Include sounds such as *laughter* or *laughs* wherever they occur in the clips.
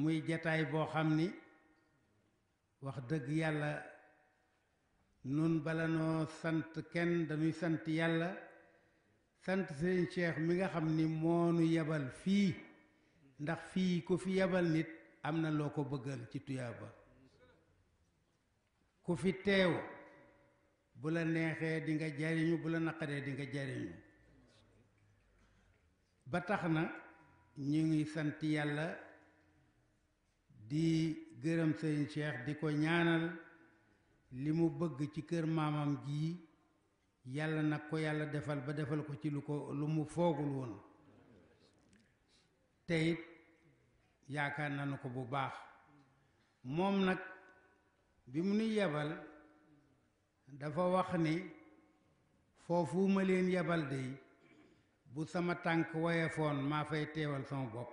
muy jataay boo xam ni wax dëgg yàlla nun bala noo sant kenn dañuy sant yàlla sant Serigne Cheikh mi nga xam ni moonu yebal fii ndax fii ku fi yebal nit am na loo ko bëggal ci ba ku fi teew bu la neexee di jariñu bu la naqaree di nga jariñu ba tax na ñu ngi sant yàlla di gërëm sëriñ Cheikh di ko ñaanal li mu bëgg ci kër maamam gii yàlla nag ko yàlla defal ba defal ko ci lu ko lu mu foogul woon te yaakaar nañu ko bu baax moom nag bi mu nu yabal dafa wax ni foofu leen yebal dey bu sama tànk wayefoon maa fay teewal sama bopp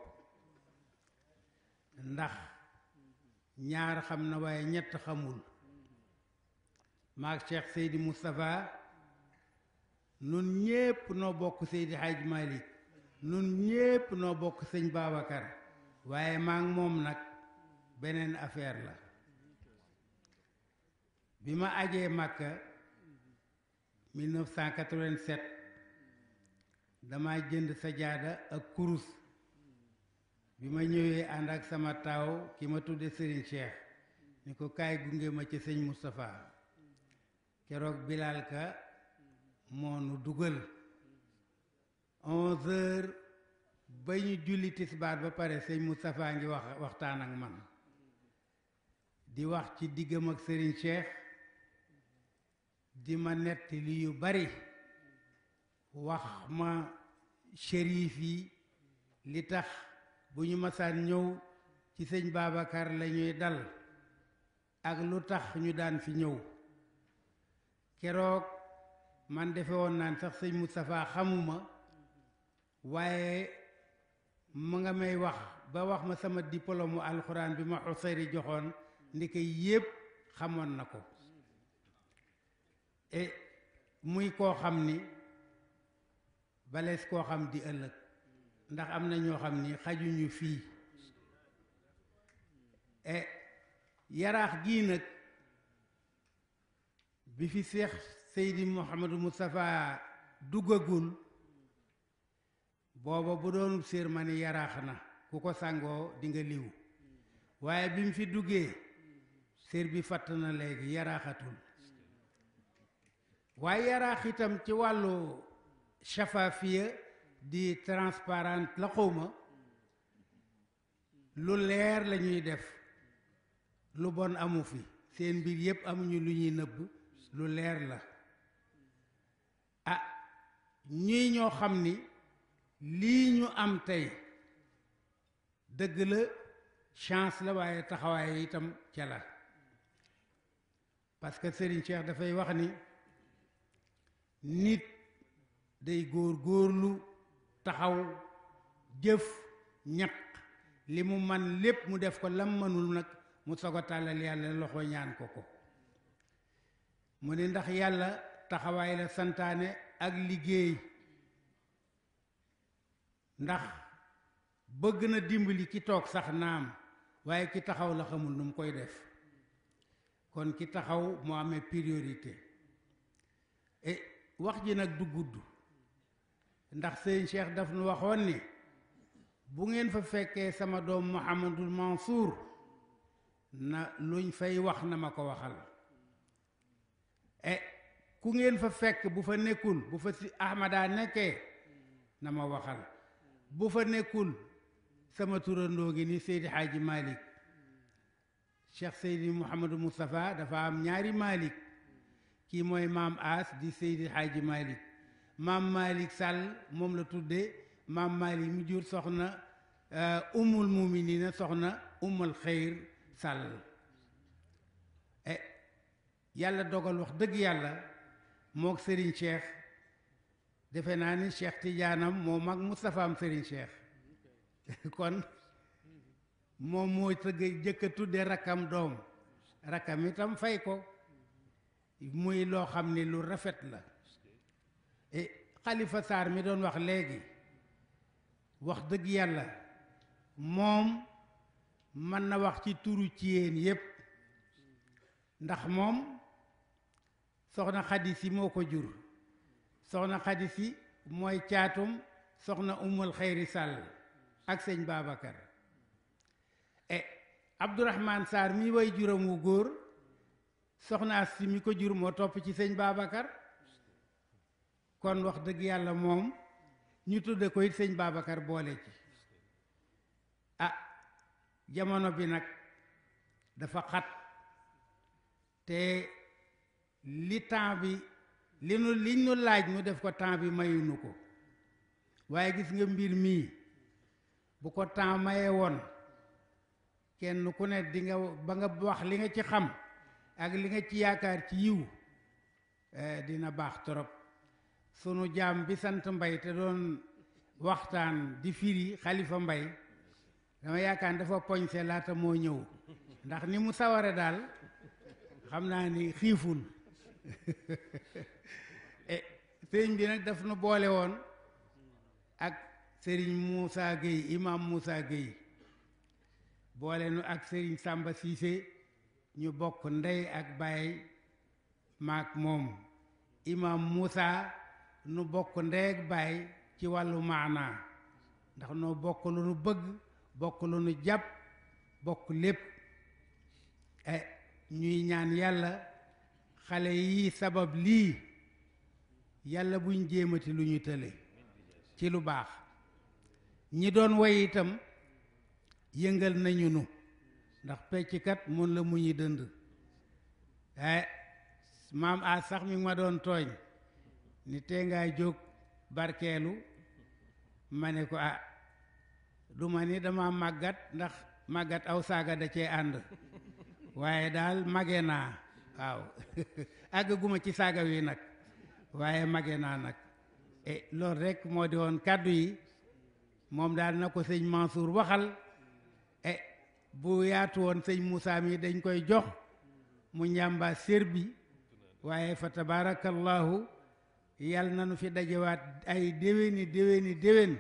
ndax ñaar xam na waaye ñett xamul maag Cheikh Seydi Moustapha nun ñépp noo bokk Seydi Hadj Malick nun ñépp noo bokk sëñ Babacar waaye maag moom nag beneen affaire la bi ma ajee Màkka 1987 dama jënd sajaada ak kurus bi ma ñëwee ànd ak sama taaw ki ma tudde Serigne Cheikh ni ko kaay gunge ma ci sëñ Moustapha keroog Bilal ka moo nu dugal onze heures ba ñu julli tisbaar ba pare sëñ Moustapha ngi wax waxtaan ak man di wax ci diggam ak Serigne Cheikh di ma nett li yu bari wax ma shérif yi li tax bu ñu masaan ñëw ci sëñ baabakar lañuy dal ak lu tax ñu daan fi ñëw keroog man defe woon naan sax sëñ Moustapha xamuma waaye mu nga may wax ba wax ma sama diplôme alxuraan bi ma xusari joxoon ndeke yépp xamoon na ko e, muy koo xam ni balees koo xam di ëllëg ndax am na ñoo xam ni xajuñu fii e yaraax gii nag bi fi seex seydi Mouhamadou Moustapha duggagul booba bu doon séer ma ni yaraax na ku ko sangoo dinga liw waaye bi mu fi duggee séer bi fatt na léegi yaraaxatul waaye yaraax itam ci wàllu chafafiya di transparent la xawma lu leer lañuy def lu bon amu fi seen mbir yépp amuñu lu ñuy nëbb lu leer la ah ñuy ñoo xam ni lii ñu am tey dëgg la chance la waaye taxawaay itam ca la parce que Serigne Cheikh dafay wax ni nit day góor góorlu taxaw jëf ñaq li mu man lépp mu def ko lam mënul nag mu soog a tàllal yàlla loxo ñaan ko ko mu ne ndax yàlla taxawaay la santaane ak liggéey ndax bëgg na dimbali ki toog sax naam waaye ki taxaw la xamul nu mu koy def kon ki taxaw mu amee priorité eh, wax ji nag du gudd ndax sëñ Cheikh daf nu waxoon ni bu ngeen fa fekkee sama doom Mouhamadul Mansour na luñ fay wax na ma ko waxal eh, ku ngeen fa fekk bu fa nekkul bu fa si Ahmada nekkee na ma waxal bu fa nekkul sama turandoo gi ni Seydi Hadji Malick Cheikh Seydi Mouhamadou Moustapha dafa am ñaari malik kii mooy maam As di Seydi Hadji Malick maam Malick Sall moom la tuddee maam Malick mu jur soxna euh, ummul muminina soxna ummul xeyr sàll eh, yàlla dogal wax dëgg yàlla mook Serigne Cheikh defe naa ni Cheikh Tidiaanam moo mag Moustapha am Serigne Cheikh *laughs* kon moom moo tëgg jëkk a rakkam doom rakkam itam fay ko muy loo xam ni lu rafet la xalifa eh, saar mi doon wax léegi wax dëgg yàlla moom mën na wax ci turu ci yéen yépp ndax moom soxna xaddi si moo ko jur soxna xaddi si mooy caatum soxna umul xeeri sàll ak sëñ Babacar e eh, Abdourahman Sarr mi way juram wu góor soxna si mi ko jur moo topp ci sëñ Babacar kon wax dëgg yàlla moom ñu tudde koy sëñ Babacar boole ci ah jamono bi nag dafa xat te li temps bi li nu li ñu laaj mu def ko temps bi mayuñu ko waaye gis nga mbir mii bu ko temps mayee woon kenn ku ne di nga ba nga wax li nga ci xam ak li nga ci yaakaar ci yiw eh, dina baax torop sunu jaam bi sant mbay te doon waxtaan di firi xalifa mbay dama yaakaar dafa poñse laata moo ñëw ndax ni mu saware daal xam naa ni xiiful *laughs* e, sëriñ bi nag daf nu boole woon ak sëriñ Moussa Gueye imam Moussa Gueye boole nu ak sëriñ Samba Cissé ñu bokk ndey ak baay maak moom imam Moussa nu bokk ndeeg baay ci wàllu maanaa ndax noo bokk lu nu bëgg bokk lu nu jàpp bokk lépp eh ñuy ñaan yàlla xale yi sabab lii yàlla buñ jéemati lu ñu tële ci lu baax ñi doon woy itam yëngal nañu nu ndax pecckat mën la mu ñuy dënd eh maam a sax mi ma doon tooñ ni teengaay ngaa jóg barkeelu ma ne ko a ah, du ma ni dama màggat ndax màggat aw saaga da cee ànd waaye daal magge naa waaw *laughs* àggaguma ci saaga wi nag waaye mage naa nag e loolu rek moo di woon kàddu yi moom daal na ko sëñ Mansour waxal e bu yaatu woon sëñ Moussa mi dañ koy jox mu njàmba sér bi waaye fa tabarakallahu yal na fi dajewaat ay déwéni déwéni déwén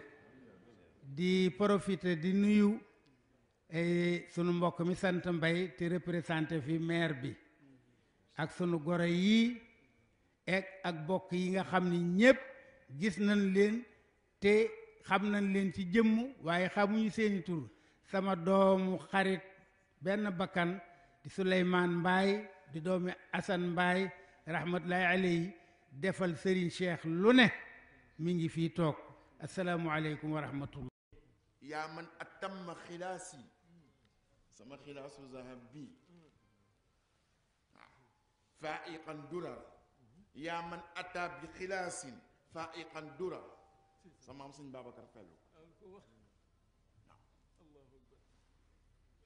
di profiter di nuyu eh, sunu mbokk mi sant mbay te représenté fi maire bi ak sunu goro yii ek ak bokk yi nga xam ni ñépp gis nañ leen te xam nañ leen ci jëmm waaye xamuñu seeni tur sama doomu xarit benn bakkan di Souleymane Mbaay di doomi Assane Mbaay rahmatullahi yi defal sëriñ Cheikh lu ne mi ngi fi toog asalaamualeykum wa rahmatullah yaa man atamma xilaas sama xilaasu zahab bii faiqan durar yaa man ataa bi xilaasin faiqan durar sama am sëñ Babacar Fellu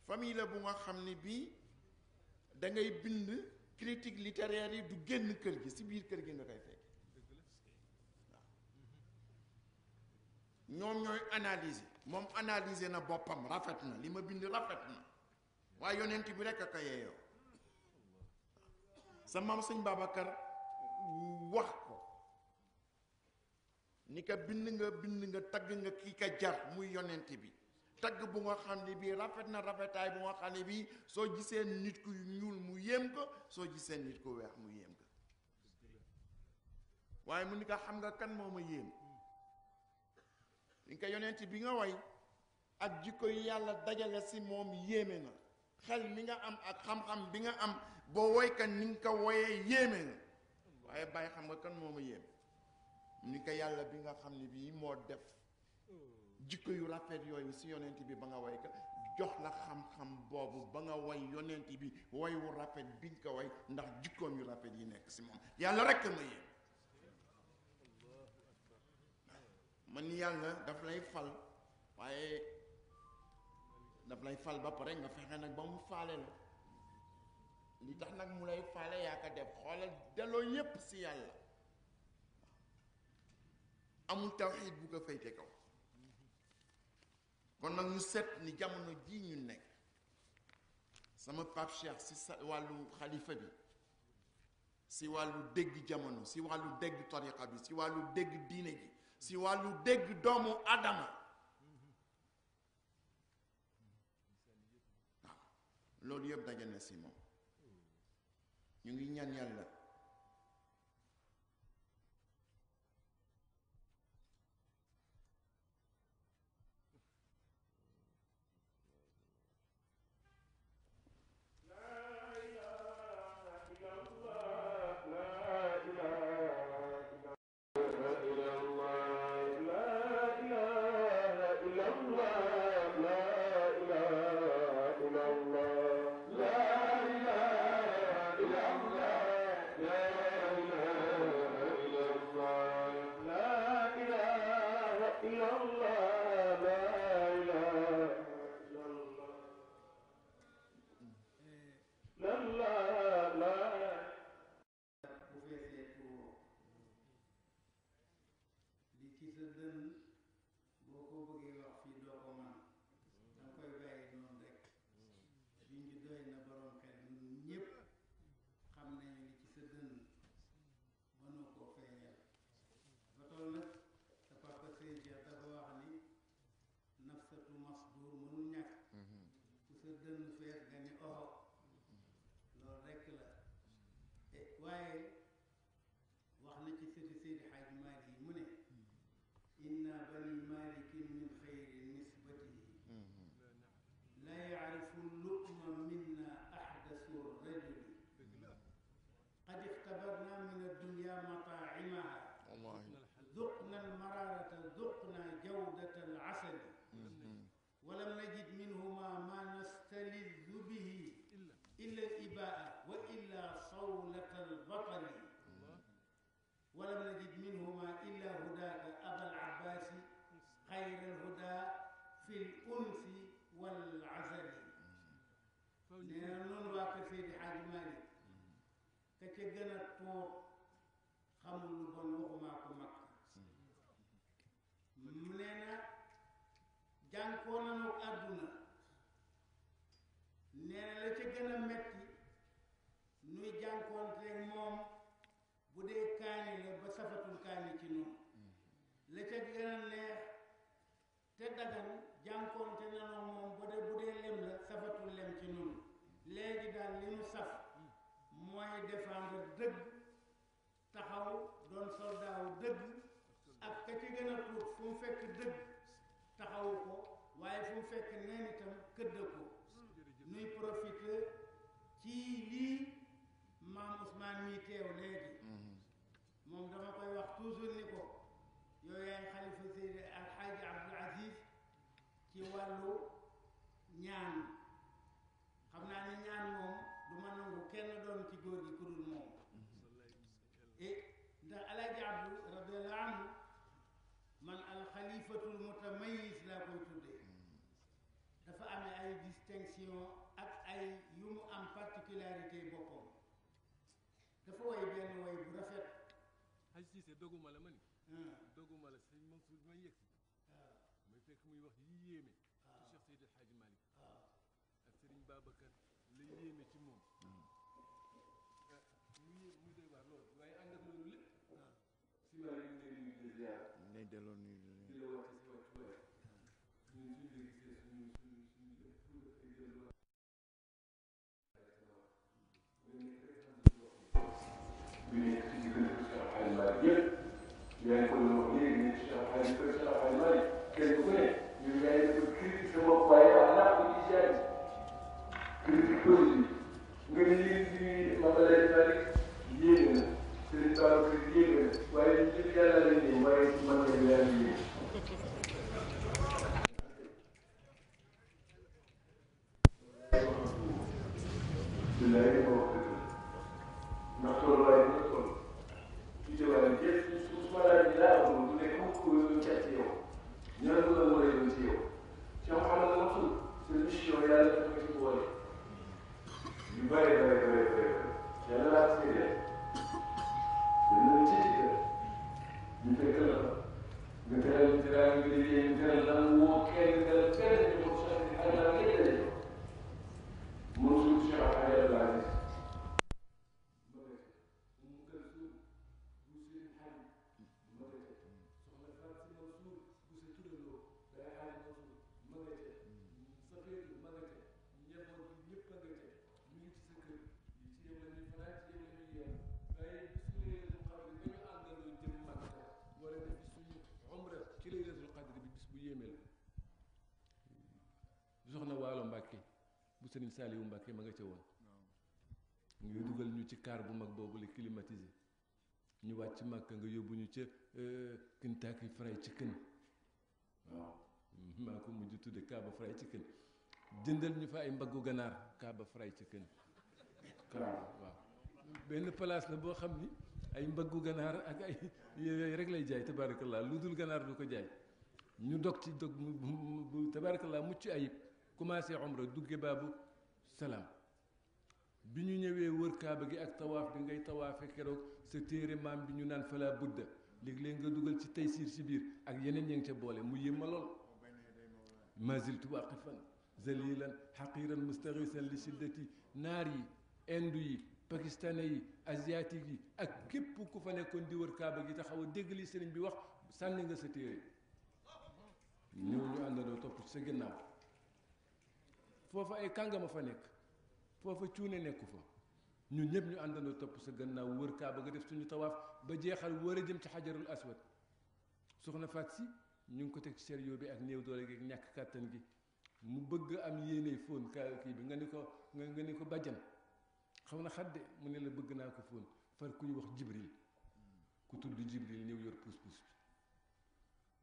famille la bu nga xam ne bi dangay bind critique littéraire yi du génn kër gi si biir kër gi nga koy fekke waaw ñoom ñooy analyser moom analise na boppam rafet na li ma bind rafet na waaye yonent bi rekk a ko yeeyoo sa maam sëñ Babacar wax ko ni ka bind nga bind nga tagg nga kii ka jar muy yonent bi tagg bu nga xam ne bii rafet na rafetaay bu nga xam ne bii soo gisee nit ku ñuul mu yéem ko soo gisee nit ku weex mu yéem ko waaye mu ni ko kan moo ma yéem yonent bi nga woy ak jikko yi yàlla dajale si moom yéeme na xel mi nga am ak xam-xam bi nga am boo woykat ni nga ko woyee yéeme na waaye bàyyi xam nga kan moo ma yéem ni ko yàlla bi nga xam ni bii moo def jikko yu rafet yooyu si yonent bi ba nga way ka jox la xam-xam boobu ba nga woy yonent bi way wu rafet bi nga ko way ndax jikkoom yu rafet yi nekk si moom yàlla rekk ma yéen man yàlla daf lay fal waaye daf lay fal ba pare nga fexe nag ba mu faale la li tax nag mu lay faale yaa ko def xoolal delloo yépp si yàlla amul tawxiid bu ko féyte kaw kon nag ñu seet ni jamono ji ñu nekk sama Pape Cheikh si sa wàllu xalifa bi si wàllu dégg jamono si wàllu dégg tariqa bi si wàllu dégg diine ji si wàllu dégg doomu adama waaw loolu yëpp daje na si moom ñu ngi ñaan yàlla ko xamul lu bon waxumaa ko mag mu nee na jànkoo àdduna nee na la ca gën a metti nuy jànkoonteeg moom bu dee kaani la ba safatul kaani ci noonu la ca gën a neex te dagan jànkoonte nanoo moom bu dee lem la safatul lem ci noonu léegi daal li ñu saf mooy défendre dëgg taxaw doon soldat wu dëgg ak ka ci gën a tuut fu mu fekk dëgg taxawu ko waaye fu mu fekk neen itam këdd ko yaa ngi koy wax léegi ñu ci xaar xaar yu bëri xaar xaar yu bëri kenn ku ne ñu yaa ngi koy critique sa bopp waaye am naa ko ci jaay critique politique nga ne yéen ñi Mame El Hadji Malick na Serigne Babacar yéege na waaye Saliou Mbacké ma nga ca woon ngay dugal ñu ci kaar bu mag boobu la climatisé ñu wàcc Màkka nga yóbbu ñu ca euh, Kentucky Fried Chicken waaw mhm, maa ko mujj tudde Kaaba Fried Chicken jëndal ñu fa ay mbaggu ganaar Kaaba Fried Chicken Kaaba waaw benn place la boo xam ni ay mbaggu ganaar ak ay yooyu rek lay jaay tabarakallah lu dul ganaar du ko jaay ñu dog ci dog bu tabarakallah mucc ayib commencé omra dugge baabu salaam bi ñu ñëwee wër kaaba gi ak tawaaf bi ngay tawaafe keroog sa téere maam bi ñu naan fala budda léeg-léeg nga dugal ci taysiir si biir ak yeneen ya nga ca boole mu yëmma lool maziltu waqifan zalilan xaqiran mustaxisan li shiddati naar yi indu yi pakistanais yi asiatique yi ak képp ku fa nekkoon di wër kaaba gi taxaw a dégg li sëriñ bi wax sànni nga sa téere ñëw àndandoo topp ci sa ginnaaw foofa ay kàngama fa nekk foofa cuune nekku fa ñu ñëpp ñu àndandoo topp sa gannaaw wër kaaba nga def suñu tawaaf ba jeexal wër a jëm ci xajarul aswad soxna faat si ñu ngi ko teg ci sérieux bi ak néew doole gi ak ñàkk kàttan gi mu bëgg am yéene fóon kaa kii bi nga ni ko nga ni ko bàjjan xaw na xadde mu ne la bëgg naa ko fóon far ku ñu wax jibril ku tudd jibril ñëw yor puus puus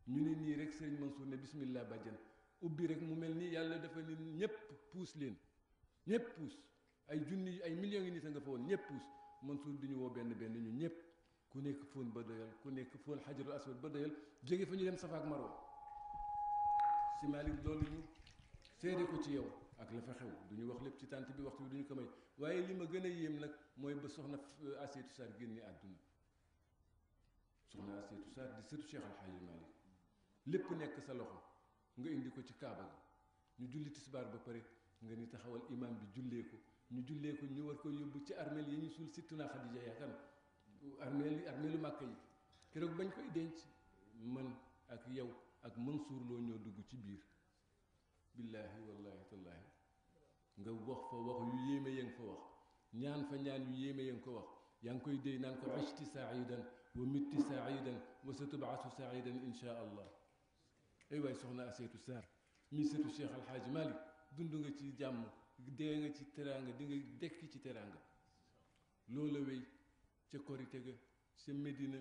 bi ñu ne nii rek sëriñ Mansour ne bismillah bàjjan ubbi rek mu mel ni yàlla dafa ni ñëpp puus leen ñëpp puus ay junni ay millions yi nit a nga fa woon ñëpp puus Mansour du ñu woo benn benn ñu ñëpp ku nekk fóon ba doyal ku nekk fóon xajarul aswad ba doyal jóge fa ñu dem safaak marwa si Malick loolu ñu seede ko ci yow ak la fa xew du ñu wax lépp ci tànt bi waxtu bi du ñu ko may waaye li ma gën a yéem nag mooy ba soxna euh, Aseetu Sarr génne àdduna soxna Aseetu Sarr di sëtu Cheikh Al Hadji lépp nekk sa loxo nga indi ko ci kaaba ñu julli tisbaar ba pare nga ni taxawal imam bi jullee ko ñu jullee ko ñu war ko yóbbu ci armeel yi ñu suul Sittuna Xadija yaakaar armeel yi armeelu màkk yi keroog bañ koy denc man ak yow ak mën suur loo ñoo dugg ci biir billaahi wallaahi tallaahi nga wax fa wax yu yéeme ya nga fa wax ñaan fa ñaan yu yéeme ya nga ko wax yaa ngi koy déy naan ko ishti saidan wa mitti saidan wa satubaasu saidan insha allah ay waay soxna Aseetu Sarr mi seetu Cheikh Alxaaji Malik dund nga ci jàmm dee nga ci teraanga di nga dekki ci teraanga loola wéy ca korite ga ca Medina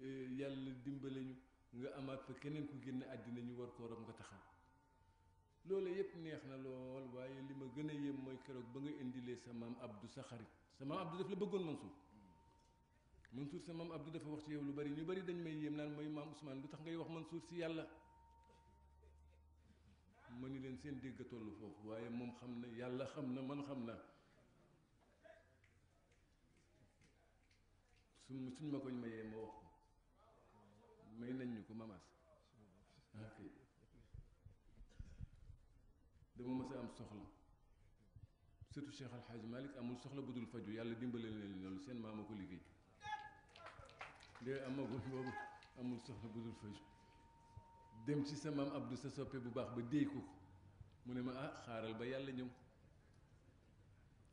eh, yàlla dimbale ñu nga amaat fa keneen ku génne àddina ñu war kooram nga taxaw loolu yëpp neex na lool waaye li ma gën a yem mooy keroog ba nga indilee sa maam Abdou sa xarit sa maam Abdou daf la bëggoon Mansour Mansour sa maam Abdou dafa wax ci yow lu bari ñu bari dañ may yéem naan mooy maam Ousmane lu tax ngay wax Mansour si yàlla ma ni leen seen dégg toll foofu waaye moom xam na yàlla xam na man xam na su suñ ma koñ mayee ma wax ko may nañ ñu ko mamaas ok dama mës a am soxla surtout Cheikh xaaj Hadj amul soxla bu dul faju yàlla dimbale leen loolu seen maama ko liggéey de amagul boobu amul soxla bu faju dem ci sa maam Abdou sa soppe bu baax ba déy ko mu ne ma ah xaaral ba yàlla ñëw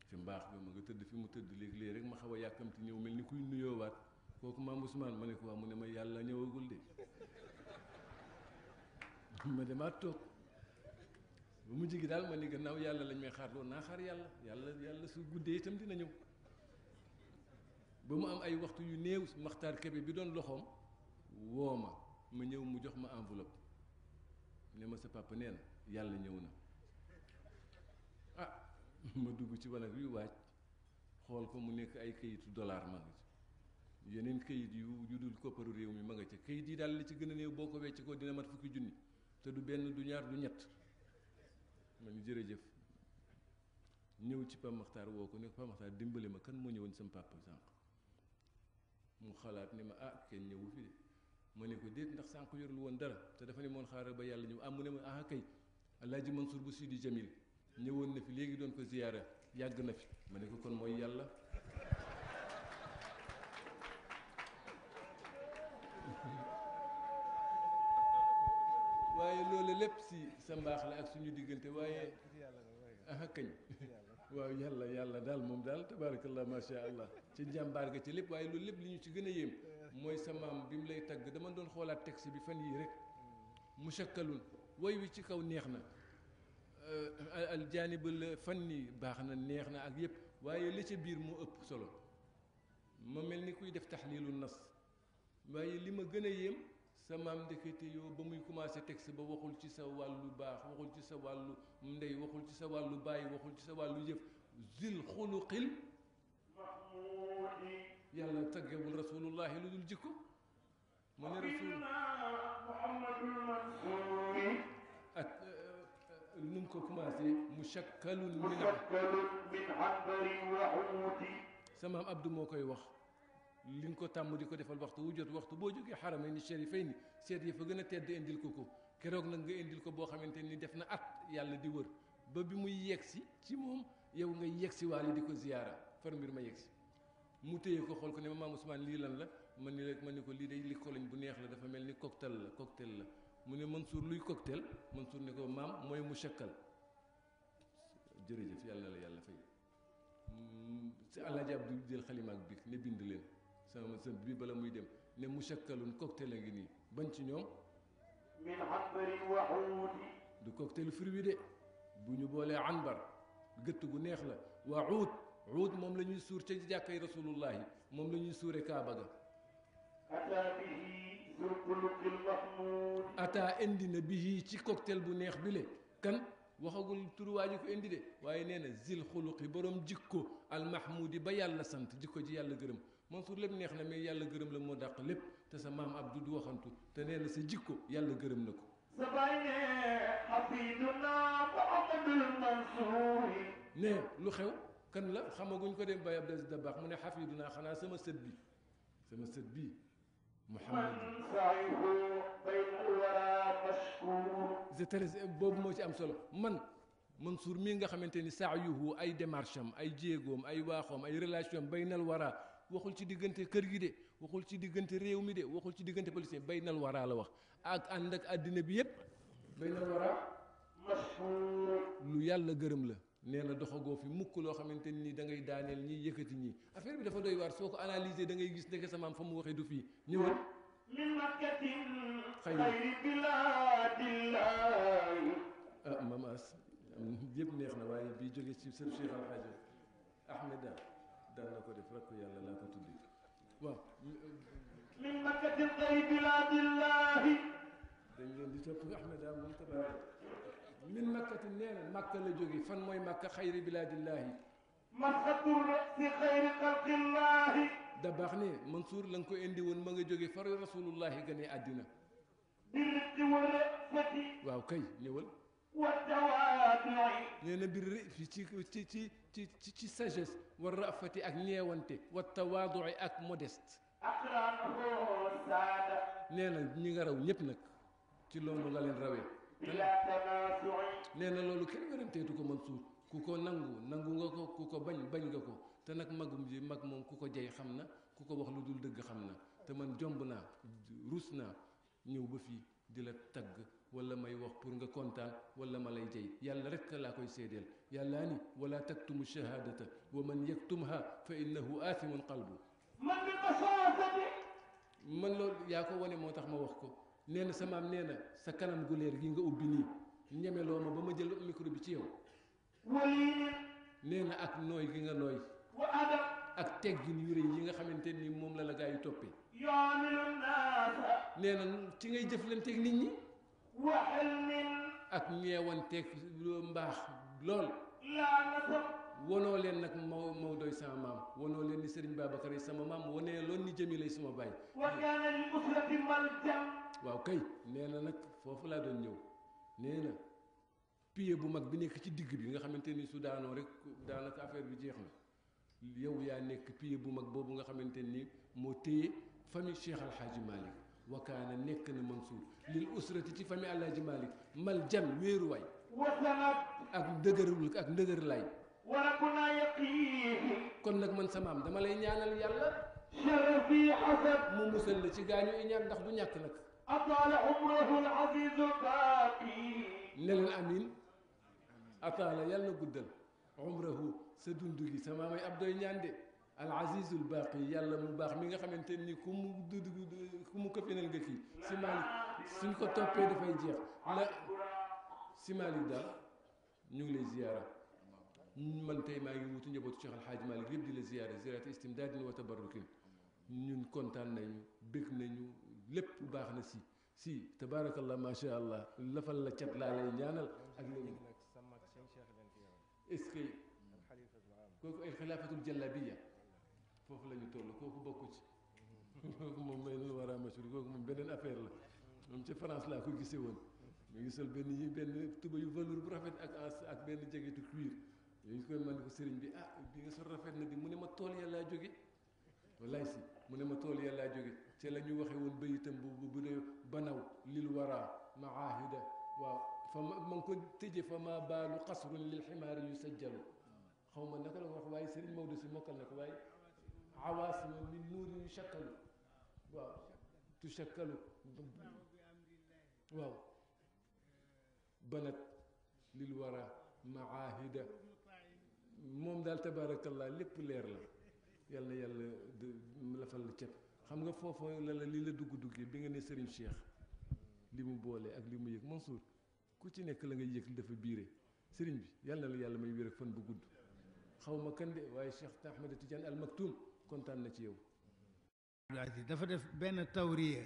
fi mbaax bi mu nga tëdd fi mu tëdd léegi-léegi rek ma xaw a yàkkamti ñëw mel ni kuy nuyoowaat kooku maam Ousmane ma ne ko waa mu ne ma yàlla ñëwagul de *laughs* ma demaat toog ba mujj gi daal ma ni gannaaw yàlla lañ may xaar loolu naa xaar yàlla yàlla yàlla su guddee itam dina ñëw ba mu am ay waxtu yu néew maxtaar kebe bi doon loxoom woo ma ma ñëw mu jox ma enveloppe ne ma sa papa nee yàlla ñëw na ah ma dugg ci wanag wi waaj xool ko mu nekk ay këyitu dollar ma nga ci yeneen këyit yu yu dul kopparu réew mi ma nga ca këyit yi daal li ci gën a néew boo ko wecc ko dina mat fukki junni te du benn du ñaar du ñett ma ni jërëjëf ñëw ci Pape Makhtar woo ko nekk Pape dimbali ma kan moo ñëwoon sama sànq mu xalaat ni ma ah kenn ñëwu fii ma ne ko déet ndax sànq yorul woon dara te dafa ne moon xaaral ba yàlla ñëw ah mu ne ma ah kay alaaji Mansour bu Sidi Jamil ñëwoon na fi léegi doon ko ziyaara yàgg na fi ma ne ko kon mooy yàlla *laughs* waaye loolu lépp si sa mbaax la ak suñu diggante waaye ah kañ waaw yàlla yàlla daal moom daal tabaarakallah macha allah ci njàmbaar ga ci lépp waaye loolu lépp li ñu ci gën a yéem mooy sa maam bi mu lay tagg dama doon xoolaat texte bi fan yii rek mushakkalun woy wi ci kaw neex na euh, al fan fanni baax na neex na ak yépp waaye li ca biir moo ëpp solo ma mel ni kuy def tax taxliilu nas waaye li ma gën a yéem sa maam ndekete yoo ba muy commencé texte ba waxul ci sa wàllu baax waxul ci sa wàllu ndey waxul ci sa wàllu bàyyi waxul ci sa wàllu yëf zil xuluqil yàlla tëggewul rasulullahi lu dul jikko mu ne rasul ak nu uh, mu ko commencé mushakkalun min abari wa xuuti sama am Abdou moo koy wax li nga ko tàmm di ko defal waxtu wu jot waxtu boo jógee xaramayni sharifayni seet yi fa gën a tedd indil ko ko keroog nag nga indil ko boo xamante ni def na at yàlla di wër ba bi muy yegsi ci moom yow nga yegsi waale di ko ziyaara far mbir ma yegsi mu téye ko xool ko ne maam Ousmane lii lan la man ni rek man ni ko lii de li koloñ bu neex la dafa mel ni cocktail la cocktail la mu ne Mansour luy cocktail Mansour ne ko maam mooy mu shakkal jërëjëf yàlla la yàlla fay mm, si Alaaji Abdu jël xalima ak bi ne bind leen sama sa bi bala muy dem ne mu shakkalun cocktail a ngi nii bañ ci ñoom min hanbari waxuudi du cocktail fruit bi de bu ñu boolee anbar gëtt gu neex la waa moom la ñuy suur ca jàkkay rasulullahi moom la ñuy suure kaaba ga ataa bihi zulkulukil indi na bihi ci cocktail bu neex bi le kan waxagul turuwaa ji ko indi de waaye nee na zil xuluqi borom jikko almahmudi ba yàlla sant jikko ji yàlla gërëm Mansour lépp neex na mais yàlla gërëm la moo daq lépp te sa maam Abdou du waxantu te nee na sa jikko yàlla gërëm na ko sa bàyyi ne abiduna Muhammadul Mansour ne lu xew kan la xamaguñ ko dem Baye Abdou Aziz Dabakh mu ne xafiduna xanaa sama sët bi sama sët bi Muhammad c'est boobu moo ci am solo man Mansour mii nga xamante ni saa yuhu ay démarche ay jéegoom ay waaxoom ay relation am baynal waraa waxul ci diggante kër gi de waxul ci diggante réew mi de waxul ci diggante police baynal waraa la wax ak ànd ak àddina bi yépp baynal waraa lu yàlla gërëm la nee na doxagoo fi mukk loo xamante ni da ngay daaneel ñi yëkkati ñi affaire bi dafa doy waar soo ko analyser da gis nekk sa maam fa mu waxee du fii ñëwal min makkatin xayri bilaadillahi ah maam as yëpp neex na waaye bii jóge ci sër Cheikh Alxaaji Ahmeda ko def rakk yàlla waaw min makkatin xayri bilaadillahi dañ leen di topp Ahmeda moom min makkati nee na la jóge fan mooy makka xayri bilaadillaahi maskatul si xayri xalqillaahi da baax ne Mansour la nga ko indi woon ma nga jóge far rasulullahi gane àddina birri waaw kay ñëwal nee na bir ci ci ci ci ci sagesse war rafati ak ñeewante wa tawaaduci ak modeste nee na ñi nga raw ñëpp nag ci loolu nga leen rawee nee na loolu kenn wéranteetu ko Mansour ku ko nangu nangu nga ko ku ko bañ bañ nga ko te nag magum ji mag moom ku ko jey xam na ku ko wax lu dul dëgg xam na te man jomb naa ruus naa ñëw ba fii di la tagg wala may wax pour nga kontaan wala ma lay jey yàlla rek laa koy séedeel yàllaa ni wala taktumu shahaadata wa man yaktumha fa innahu aathimun qalbu man bi man loolu yaa ko wane moo tax ma wax ko nee na samaam nee na sa kanam gu leer gi nga ubbi nii ñemeloo ma ba ma jël micro bi ci yow nee na ak nooy gi nga nooy ak teggin yu rëy yi nga xamante ni moom la la gaa yu toppee nee na ci ngay jëflanteeg nit ñi ak ñeewanteeg mbaax lool wonoo leen nag maw maw doy sama maam wonoo leen ni Serigne Babacar yi sama maam wanee loon ni jëmi lay suma baay wakaana li usrati malja waaw kay nee na nag foofu laa doon ñëw nee bu mag bi nekk ci digg bi nga xamante ni su daanoo rek daanaka affaire bi jeex na yow yaa nekk pied bu mag boobu nga xamante ni moo téye famille Cheikh Al Hadj Malick nekk na Mansour lil usrati ci famille Al mal jan wéeruwaay ak ndëgërul ak ndëgër lay وربنا يقيه kon nag man sama am dama lay ñaanal yàlla sharafi hasab mu musal la ci gaañu iñaan ndax du ñàkk nag ataala umruhu al yàlla na guddal umruhu sa dund gi sama may ab doy ñaan de al-azizul baaqi yàlla mu baax mi nga xamante ni ku mu dud ku mu këfenal nga kii si maalik suñ ko toppee dafay jeex la si maalik daal ñu ngi lay ziyaara man tey maa ngi wutu njabootu Cheikh Al Hadj Malick bi di la ziyaare ziyaarati istimdaadin wa tabarrukin ñun kontaan nañu bëgg nañu lépp baax na si si tabaarakallah macha allah lafal la cat laa lay ñaanal ak léegi est-ce que kooku ay xilaafatul jallabiya foofu lañu ñu kooku bokku ci kooku moom may nul war a mashur kooku moom beneen affaire la moom ca France laa ko gisee woon mu ngi sol benn yi benn tuba yu velours bu rafet ak ak benn jegetu cuir li ñu koy mën bi ah bi nga sol rafet na di mu ne ma tool yàllaa jóge wallaay si mu ne ma tool yàllaa jóge ci la waxe waxee woon bayitam bu bu ne banaw lil wara maahida waaw fa ma ko tëje fa ma baalu xasrun lil ximaari yu sajjalu xaw ma naka la wax waaye sëriñ Maodo si mokkal na ko waaye awaasima min nuuri yu shakkalu waaw banat lil wara maahida moom daal tabaarakallaa lépp leer la yàlla yàlla lafal la cet xam nga foofa la la lii la dugg duggee bi nga ne Serigne Cheikh li mu boole ak li mu yëg Mansour ku ci nekk la nga yëg li dafa biire Serigne bi yàlla na la yàlla may wér ak fan bu gudd xaw ma kan de waaye Cheikh Ahmed Tidiane Al Maktoum kontaan na ci yow. dafa def benn tawriya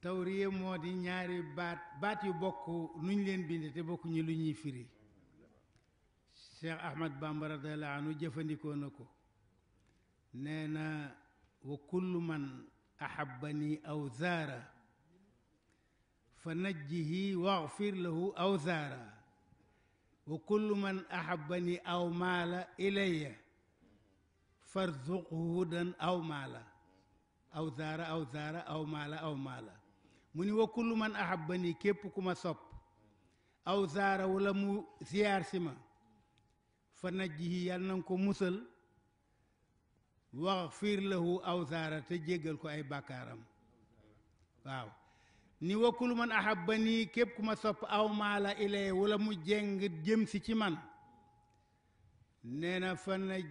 tawriya moo di ñaari baat baat yu bokk nuñ leen bind te bokkuñu lu ñuy firi. cheikh ahmad bamba radiallahu anhu jëfandikoo na ko nee na wa kullu man ahabbani aw zaara fa najjihi waxfir lahu aw zaara wa kullu man ahabbani aw maala ilayya farzuqhu hudan aw maala aw zaara aw zaara aw maala aw maala mu ni wa kullu man ahabbani képp ku ma sopp aw zaara wala mu ziyaar si ma fa najjihi yàlla na nga ko musal waxfir lahu awsaara te jéggal ko ay bàkkaaram waaw ni wakkulu man ahabba nii képp ku ma sopp aw maala ilay wala mu jeng jëm si ci man nee na fa naj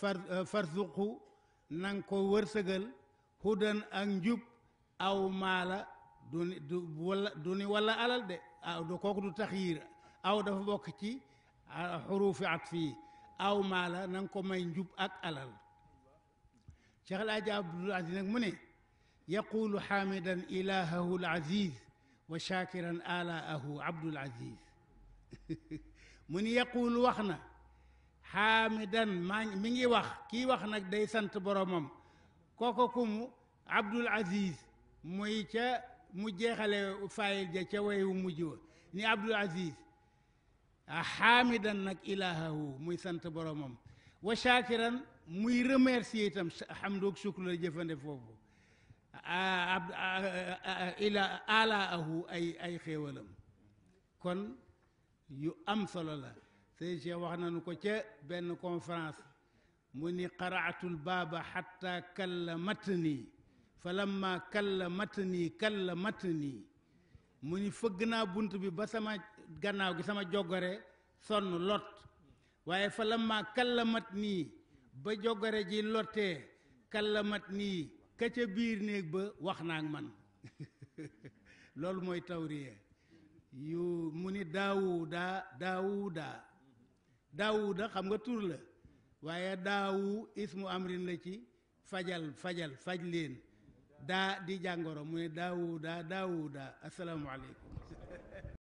far euh, farzuqu na ko wërsëgal hudan ak njub aw maala du ni du wala du ni wala alal de aw du kooku du tax yiir aw dafa bokk ci xuruufi at fii aw maala ko may njub ak alal Cheikh El Hadj Abdoul Aziz nag mu ne yaqulu xaamidan ilahahu aziz wa shakiran alaahu Abdoul Aziz mu ni yaqulu wax na xaamidan maa mi ngi wax ki wax nag day sant boromam kooko kumu Abdoul Aziz muy ca mu jeexale fayil ja ca wayu mujj wa ni Abdoul Aziz ah xaamidan nag ilaahahu muy sant boromam wa shakiran muy remercier itam xamdoog sukru la jëfande foofu ila alaahu ay ay xéewalam kon yu am solo la sëñ Cheikh wax nañu ko ca benn conférence mu ni qaraatul baaba xatta kallamatni falamma kallamatni kallamatni mu ni fëgg naa bunt bi ba sama gannaaw gi sama jogore sonn lot waaye fa la ma kallamat nii ba jogore ji lottee kallamat nii ka ca biir néeg ba wax naa ak man *laughs* loolu mooy tawriya yu mu ni daawuda daawuda daawuda xam nga tur la waaye daawu ismu amrin la ci fajal fajal faj leen daa di jàngoro mu ne daawuda daawuda asalaamaaleykum